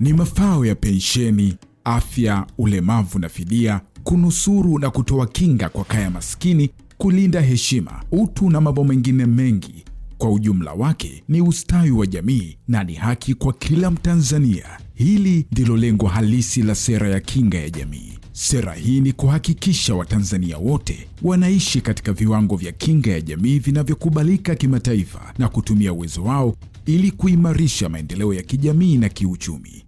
ni mafao ya pensheni, afya, ulemavu na fidia, kunusuru na kutoa kinga kwa kaya maskini, kulinda heshima, utu na mambo mengine mengi. Kwa ujumla wake ni ustawi wa jamii na ni haki kwa kila Mtanzania. Hili ndilo lengo halisi la sera ya kinga ya jamii. Sera hii ni kuhakikisha Watanzania wote wanaishi katika viwango vya kinga ya jamii vinavyokubalika kimataifa na kutumia uwezo wao ili kuimarisha maendeleo ya kijamii na kiuchumi.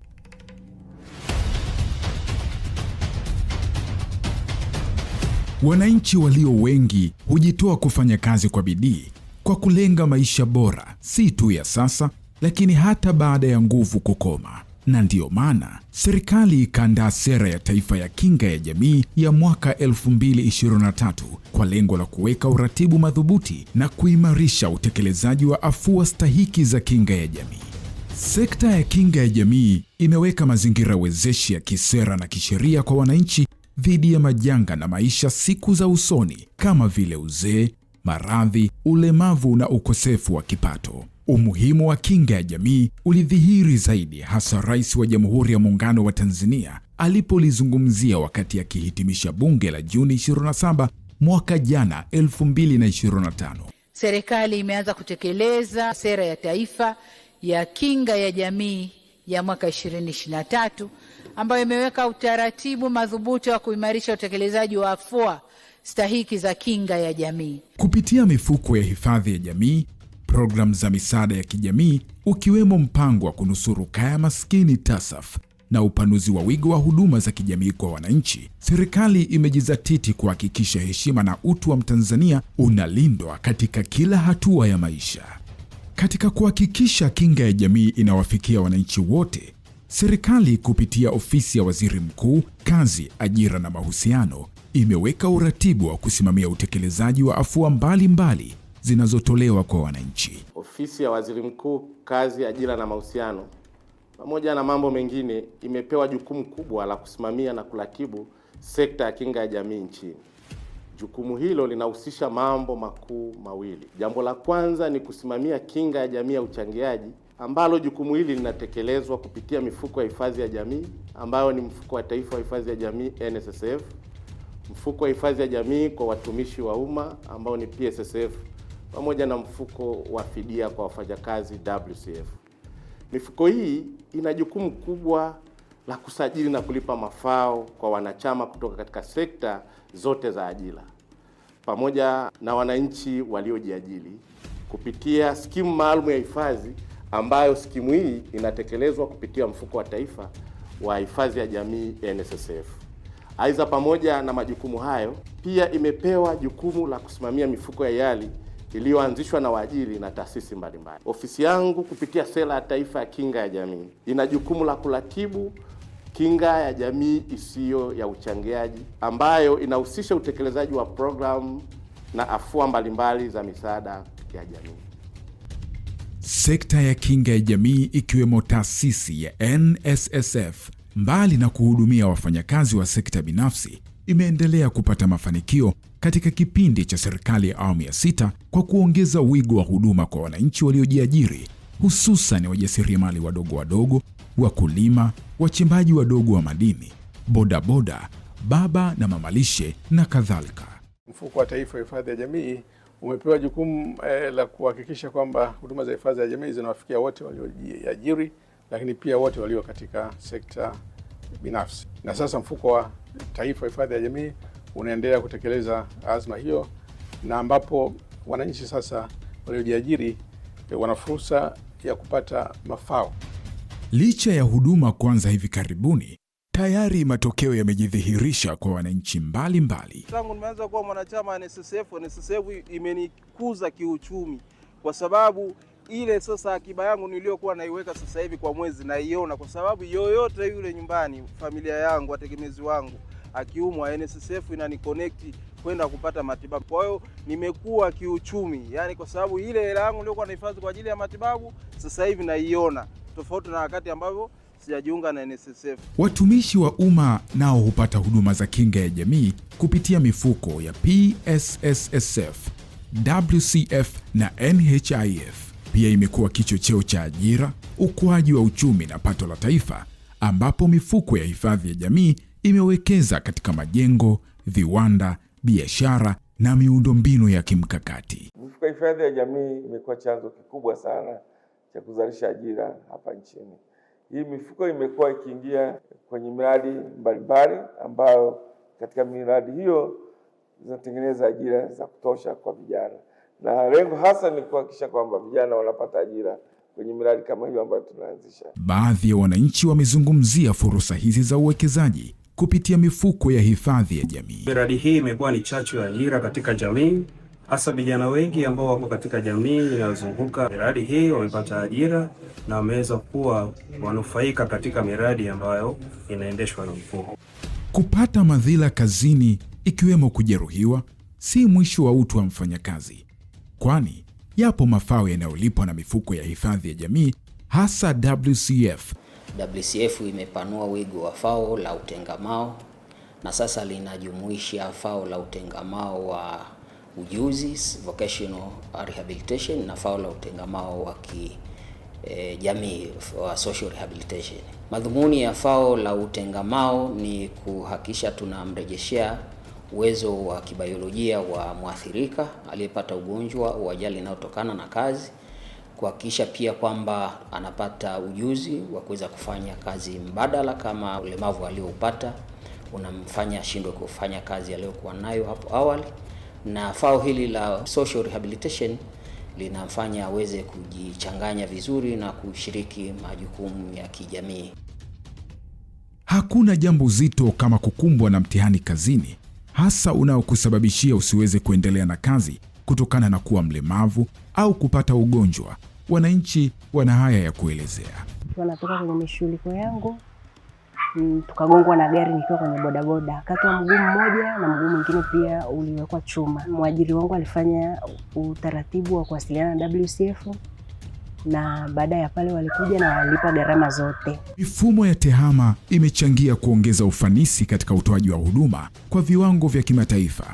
Wananchi walio wengi hujitoa kufanya kazi kwa bidii kwa kulenga maisha bora, si tu ya sasa, lakini hata baada ya nguvu kukoma. Na ndiyo maana serikali ikaandaa sera ya taifa ya kinga ya jamii ya mwaka 2023 kwa lengo la kuweka uratibu madhubuti na kuimarisha utekelezaji wa afua stahiki za kinga ya jamii. Sekta ya kinga ya jamii imeweka mazingira wezeshi ya kisera na kisheria kwa wananchi dhidi ya majanga na maisha siku za usoni kama vile uzee, maradhi, ulemavu na ukosefu wa kipato. Umuhimu wa kinga ya jamii ulidhihiri zaidi hasa Rais wa Jamhuri ya Muungano wa Tanzania alipolizungumzia wakati akihitimisha bunge la Juni 27 mwaka jana 2025. Serikali imeanza kutekeleza sera ya taifa ya kinga ya jamii ya mwaka 2023 ambayo imeweka utaratibu madhubuti wa kuimarisha utekelezaji wa afua stahiki za kinga ya jamii kupitia mifuko ya hifadhi ya jamii, programu za misaada ya kijamii, ukiwemo mpango wa kunusuru kaya maskini TASAF na upanuzi wa wigo wa huduma za kijamii kwa wananchi, serikali imejizatiti kuhakikisha heshima na utu wa Mtanzania unalindwa katika kila hatua ya maisha. Katika kuhakikisha kinga ya jamii inawafikia wananchi wote, Serikali kupitia ofisi ya Waziri Mkuu, Kazi, Ajira na Mahusiano imeweka uratibu wa kusimamia utekelezaji wa afua mbalimbali zinazotolewa kwa wananchi. Ofisi ya Waziri Mkuu, Kazi, Ajira na Mahusiano pamoja na mambo mengine imepewa jukumu kubwa la kusimamia na kuratibu sekta ya kinga ya jamii nchini. Jukumu hilo linahusisha mambo makuu mawili. Jambo la kwanza ni kusimamia kinga ya jamii ya uchangiaji ambalo jukumu hili linatekelezwa kupitia mifuko ya hifadhi ya jamii ambayo ni mfuko wa taifa wa hifadhi ya jamii NSSF, mfuko wa hifadhi ya jamii kwa watumishi wa umma ambao ni PSSF, pamoja na mfuko wa fidia kwa wafanyakazi WCF. Mifuko hii ina jukumu kubwa la kusajili na kulipa mafao kwa wanachama kutoka katika sekta zote za ajira pamoja na wananchi waliojiajili kupitia skimu maalum ya hifadhi ambayo skimu hii inatekelezwa kupitia mfuko wa taifa wa hifadhi ya jamii NSSF. Aidha, pamoja na majukumu hayo, pia imepewa jukumu la kusimamia mifuko ya YALI iliyoanzishwa na waajiri na taasisi mbalimbali. Ofisi yangu kupitia sera ya taifa ya kinga ya jamii ina jukumu la kuratibu kinga ya jamii isiyo ya uchangiaji ambayo inahusisha utekelezaji wa programu na afua mbalimbali za misaada ya jamii. Sekta ya kinga ya jamii ikiwemo taasisi ya NSSF, mbali na kuhudumia wafanyakazi wa sekta binafsi, imeendelea kupata mafanikio katika kipindi cha serikali ya awamu ya sita kwa kuongeza wigo wa huduma kwa wananchi waliojiajiri, hususan wajasiriamali wadogo wadogo, wakulima, wachimbaji wadogo wa madini, bodaboda, baba na mamalishe na kadhalika. Mfuko wa Taifa wa Hifadhi ya Jamii umepewa jukumu eh, la kuhakikisha kwamba huduma za hifadhi ya jamii zinawafikia wote waliojiajiri, lakini pia wote walio katika sekta binafsi. Na sasa mfuko wa taifa wa hifadhi ya jamii unaendelea kutekeleza azma hiyo, na ambapo wananchi sasa waliojiajiri eh, wana fursa ya kupata mafao. Licha ya huduma kuanza hivi karibuni, Tayari matokeo yamejidhihirisha kwa wananchi mbalimbali. Tangu nimeanza kuwa mwanachama NSSF, NSSF imenikuza kiuchumi kwa sababu ile sasa akiba yangu niliyokuwa naiweka sasa hivi kwa mwezi naiona, kwa sababu yoyote yule nyumbani, familia yangu, wategemezi wangu akiumwa, NSSF inanikonekti kwenda kupata matibabu. Kwa hiyo nimekuwa kiuchumi, yani kwa sababu ile hela yangu niliyokuwa nahifadhi kwa ajili ya matibabu sasa hivi naiona, tofauti na wakati ambavyo sijajiunga na NSSF. Watumishi wa umma nao hupata huduma za kinga ya jamii kupitia mifuko ya PSSSF, WCF na NHIF. Pia imekuwa kichocheo cha ajira, ukuaji wa uchumi na pato la taifa, ambapo mifuko ya hifadhi ya jamii imewekeza katika majengo, viwanda, biashara na miundombinu ya kimkakati. Mifuko ya hifadhi ya jamii imekuwa chanzo kikubwa sana cha kuzalisha ajira hapa nchini. Hii mifuko imekuwa ikiingia kwenye miradi mbalimbali ambayo katika miradi hiyo zinatengeneza ajira za kutosha kwa vijana, na lengo hasa ni kuhakikisha kwamba vijana wanapata ajira kwenye miradi kama hiyo ambayo tunaanzisha. Baadhi ya wananchi wamezungumzia fursa hizi za uwekezaji kupitia mifuko ya hifadhi ya jamii. Miradi hii imekuwa ni chachu ya ajira katika jamii hasa vijana wengi ambao wako katika jamii inayozunguka miradi hii wamepata ajira na wameweza kuwa wanufaika katika miradi ambayo inaendeshwa na mfuko. Kupata madhila kazini ikiwemo kujeruhiwa si mwisho wa utu wa mfanyakazi, kwani yapo mafao yanayolipwa na mifuko ya hifadhi ya jamii hasa WCF. WCF imepanua wigo wa fao la utengamao na sasa linajumuisha fao la utengamao wa ujuzi, vocational rehabilitation na faula utengamao wa ki E, jamii wa social rehabilitation. Madhumuni ya FAO la utengamao ni kuhakikisha tunamrejeshea uwezo wa kibaiolojia wa mwathirika aliyepata ugonjwa wa ajali inayotokana na kazi, kuhakikisha pia kwamba anapata ujuzi wa kuweza kufanya kazi mbadala, kama ulemavu alioupata unamfanya ashindwe kufanya kazi aliyokuwa nayo hapo awali na fao hili la social rehabilitation linamfanya aweze kujichanganya vizuri na kushiriki majukumu ya kijamii. Hakuna jambo zito kama kukumbwa na mtihani kazini, hasa unaokusababishia usiweze kuendelea na kazi kutokana na kuwa mlemavu au kupata ugonjwa. Wananchi wana haya ya kuelezea. Wanatoka kwenye mishughuliko yangu Mm, tukagongwa na gari nikiwa kwenye bodaboda, akatoa mguu mmoja na mguu mwingine pia uliwekwa chuma. Mwajiri wangu alifanya utaratibu wa kuwasiliana na WCF na baada ya pale walikuja na walipa gharama zote. Mifumo ya TEHAMA imechangia kuongeza ufanisi katika utoaji wa huduma kwa viwango vya kimataifa,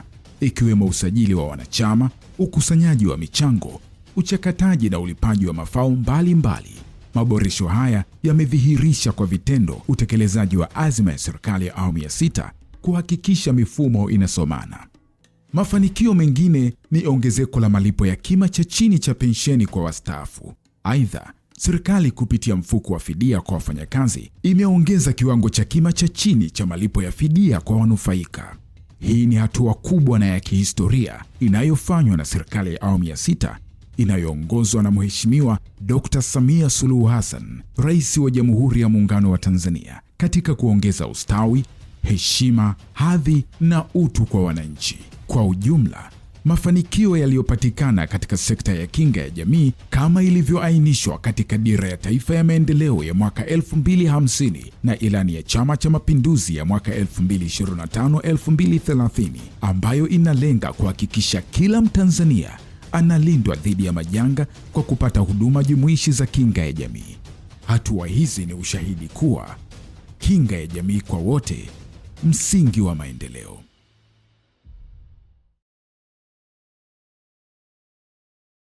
ikiwemo usajili wa wanachama, ukusanyaji wa michango, uchakataji na ulipaji wa mafao mbalimbali mbali. Maboresho haya yamedhihirisha kwa vitendo utekelezaji wa azma ya serikali ya awamu ya sita kuhakikisha mifumo inasomana. Mafanikio mengine ni ongezeko la malipo ya kima cha chini cha pensheni kwa wastaafu. Aidha, serikali kupitia mfuko wa fidia kwa wafanyakazi imeongeza kiwango cha kima cha chini cha malipo ya fidia kwa wanufaika. Hii ni hatua kubwa na ya kihistoria inayofanywa na serikali ya awamu ya sita inayoongozwa na Mheshimiwa Dr. Samia Suluhu Hassan, Rais wa Jamhuri ya Muungano wa Tanzania, katika kuongeza ustawi, heshima, hadhi na utu kwa wananchi. Kwa ujumla, mafanikio yaliyopatikana katika sekta ya kinga ya jamii kama ilivyoainishwa katika Dira ya Taifa ya Maendeleo ya mwaka 2050 na Ilani ya Chama cha Mapinduzi ya mwaka 2025-2030 ambayo inalenga kuhakikisha kila Mtanzania analindwa dhidi ya majanga kwa kupata huduma jumuishi za kinga ya jamii. Hatua hizi ni ushahidi kuwa kinga ya jamii kwa wote, msingi wa maendeleo.